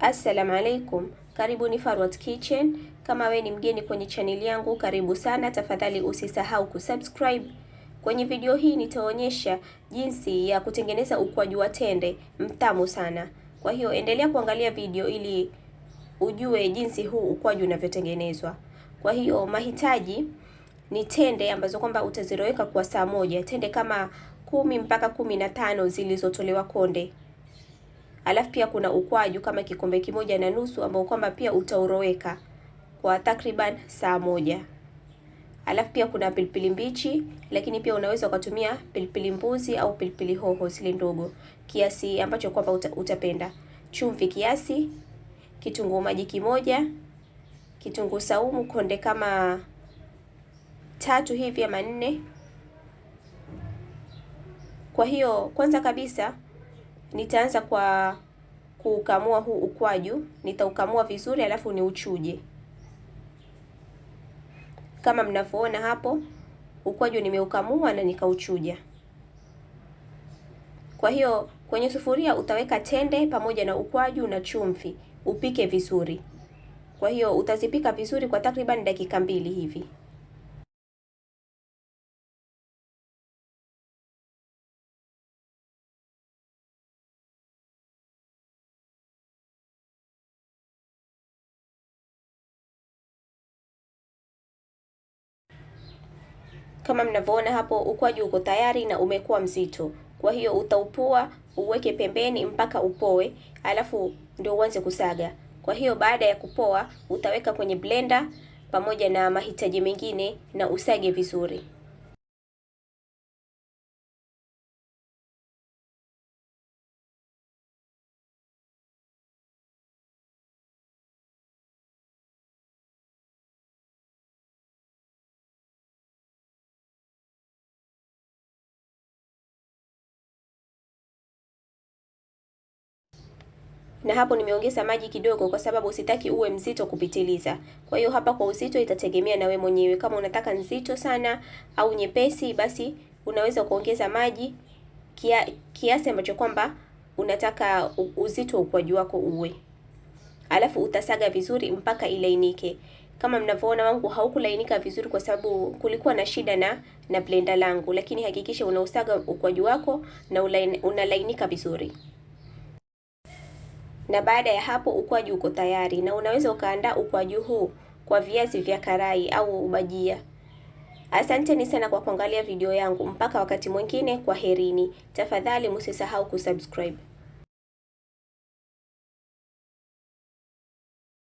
Assalamu alaikum, ni Farwat Kitchen. Kama we ni mgeni kwenye chaneli yangu, karibu sana. Tafadhali usisahau kusubscribe. Kwenye video hii nitaonyesha jinsi ya kutengeneza ukwaju wa tende mtamu sana. Kwa hiyo endelea kuangalia video ili ujue jinsi huu ukwaju unavyotengenezwa. Kwa hiyo mahitaji ni tende ambazo kwamba utaziroweka kwa saa moja, tende kama kumi mpaka kumi na tano zilizotolewa konde Alafu pia kuna ukwaju kama kikombe kimoja na nusu ambao kwamba pia utaoroweka kwa takriban saa moja. Alafu pia kuna pilipili mbichi, lakini pia unaweza ukatumia pilipili mbuzi au pilipili hoho zile ndogo, kiasi ambacho kwamba uta, utapenda. Chumvi kiasi, kitunguu maji kimoja, kitunguu saumu konde kama tatu hivi ama nne. Kwa hiyo kwanza kabisa nitaanza kwa kuukamua huu ukwaju, nitaukamua vizuri alafu niuchuje. Kama mnavyoona hapo, ukwaju nimeukamua na nikauchuja. Kwa hiyo kwenye sufuria utaweka tende pamoja na ukwaju na chumvi, upike vizuri. Kwa hiyo utazipika vizuri kwa takriban dakika mbili hivi. Kama mnavyoona hapo, ukwaju uko tayari na umekuwa mzito, kwa hiyo utaupua uweke pembeni mpaka upoe, alafu ndio uanze kusaga. Kwa hiyo baada ya kupoa, utaweka kwenye blender pamoja na mahitaji mengine na usage vizuri. na hapo nimeongeza maji kidogo, kwa sababu sitaki uwe mzito kupitiliza. Kwa hiyo hapa kwa uzito itategemea na we mwenyewe, kama unataka nzito sana au nyepesi, basi unaweza kuongeza maji kia, kiasi ambacho kwamba unataka uzito wa ukwaju wako uwe, alafu utasaga vizuri mpaka ilainike. Kama mnavyoona wangu haukulainika vizuri, kwa sababu kulikuwa na shida na na blender langu, lakini hakikisha unausaga ukwaju wako na unalainika vizuri na baada ya hapo ukwaju uko tayari, na unaweza ukaandaa ukwaju huu kwa viazi vya karai au ubajia. Asanteni sana kwa kuangalia video yangu. Mpaka wakati mwingine, kwaherini. Tafadhali msisahau kusubscribe.